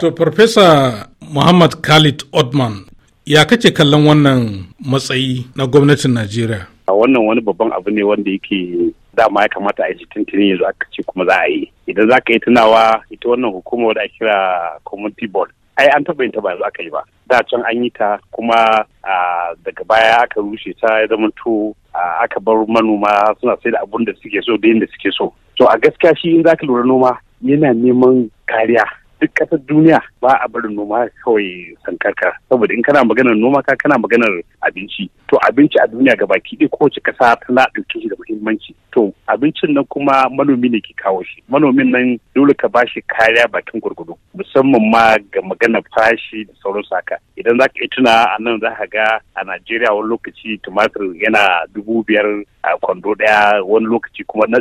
To, Farfesa Muhammad Khalid Odman, ya kake kallon wannan matsayi na gwamnatin Najeriya? Wannan wani babban abu ne wanda yake dama ya kamata a yi tuntuni yanzu aka ce kuma za a yi. Idan za ka yi tunawa ita wannan hukumar da kira Community Board. Ai, an taɓa yin ta ba yanzu aka yi ba. Da can an yi ta kuma daga baya aka rushe ta ya zama to aka bar manoma suna sai da abun da suke so da yin da suke so. To a gaskiya shi in za ka lura noma yana neman kariya duk ƙasar duniya ba a barin noma kawai sankarka saboda in kana maganar noma ka kana maganar abinci to abinci a duniya ga baki ɗaya kowace ƙasa tana ɗauke shi da muhimmanci to abincin nan kuma manomi ne ke kawo shi manomin nan dole ka bashi kariya bakin gurgudu musamman ma ga magana fashi da sauran saka idan za ka yi tuna a nan za ka ga a najeriya wani lokaci tumatir yana dubu biyar a kwando daya wani lokaci kuma na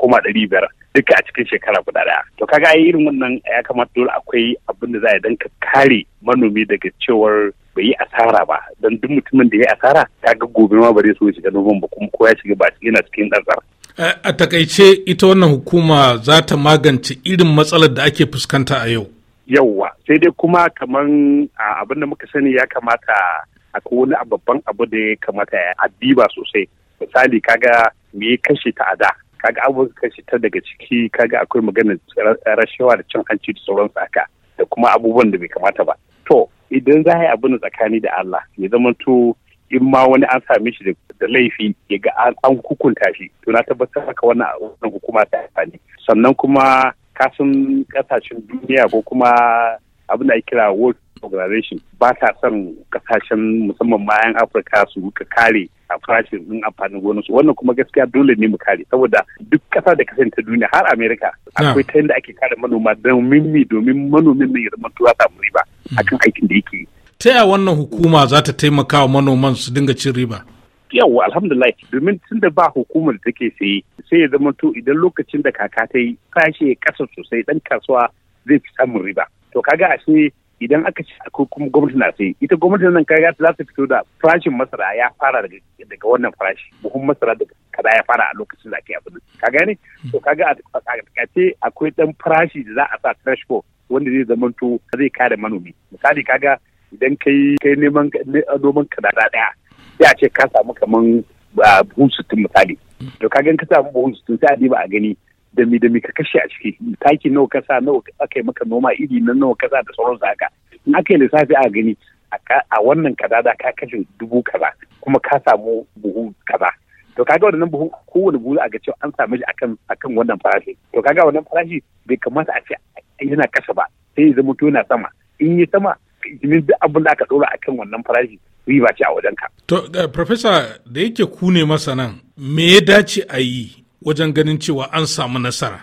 koma dari biyar duka a cikin shekara guda daya to kaga ai irin wannan ya kamata dole akwai abin da za a dan ka kare manomi daga cewar bai yi asara ba don duk mutumin da ya yi asara kaga gobe ma ba zai so shiga noman ba kuma ko ya shiga ba yana cikin ɗan a takaice ita wannan hukuma za ta magance irin matsalar da ake fuskanta a yau yauwa sai dai kuma kamar abin da muka sani ya kamata a wani babban abu da ya kamata ya addiba sosai misali kaga me ya kashe ta a da kaga ka kashe ta daga ciki kaga akwai maganar rashawa da cin hanci da sauran haka da kuma abubuwan da bai kamata ba to idan za a yi abin tsakani da Allah ya zamanto in ma wani an same shi da laifi ya ga an hukunta shi to na tabbatar haka wannan hukuma ta amfani sannan kuma kasan kasashen duniya ko kuma abin da kira world organization ba ta son kasashen musamman mayan afirka su ka kare a farashin din amfanin su. wannan kuma gaskiya dole ne mu kare saboda duk kasa da kasance ta duniya har america akwai ta yadda ake kare manoma domin mi domin manomin ne ya zama tuwa samu riba mm. akan aikin da yake ta ya wannan hukuma za ta taimaka wa manoman su dinga cin riba Yawwa alhamdulillah domin tun da ba hukumar da take saye sai ya zama to idan lokacin da kaka ta yi ya kasa sosai dan kasuwa zai fi samun riba to kaga ashe idan aka ci akwai kuma gwamnati na sai ita gwamnati nan kaga za ta fito da farashin masara ya fara daga wannan farashi buhun masara daga kada ya fara a lokacin da ake abin kaga ne. to kaga a takaice akwai dan farashi da za a sa threshold wanda zai zamanto zai kare manomi misali kaga idan kai kai neman noman ka da daya sai a ce ka samu kaman buhun sittin misali to ka gan ka samu buhun sittin sai a diba a gani da mi ka kashe a ciki taki nawa ka sa nawa aka yi maka noma iri nan nawa ka sa da su haka in aka yi lissafi a gani a wannan kadada ka kashe dubu kaza kuma ka samu buhu kaza to kaga wannan buhu kowane buhu a ga cewa an samu shi akan akan wannan farashi to kaga wannan farashi bai kamata a ce yana kasa ba sai ya zama yana sama in yi sama domin duk abin da aka ɗora a kan wannan farashi riba ce a wajenka. To, eh, Profesa da yake ku ne masanan, me ya dace a yi wajen ganin cewa an samu nasara?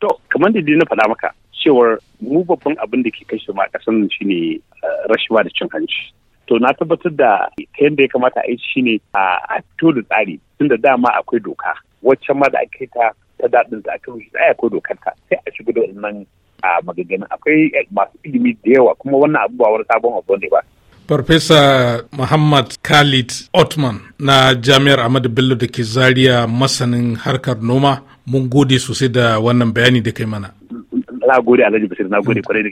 To, kamar da na faɗa maka, cewar mu babban abin da ke kashe ma ƙasar shi ne eh, rashima da cin hanci. To, na tabbatar da ta yadda ya kamata a yi ne a to da tsari, da dama akwai doka, wacce ma da ake ta ta daɗin da aka rushe, akwai dokar ta, sai a shigo da wannan a magagana akwai eh, masu ilimi da yawa kuma wannan abu ba wani sabon abu ne ba Farfesa Muhammad Khalid Otman na Jami'ar Ahmadu Bello da ke zariya masanin harkar noma mun gode sosai da wannan bayani da kai mana. Na gode Alhaji Bashir na gode mm. kwarai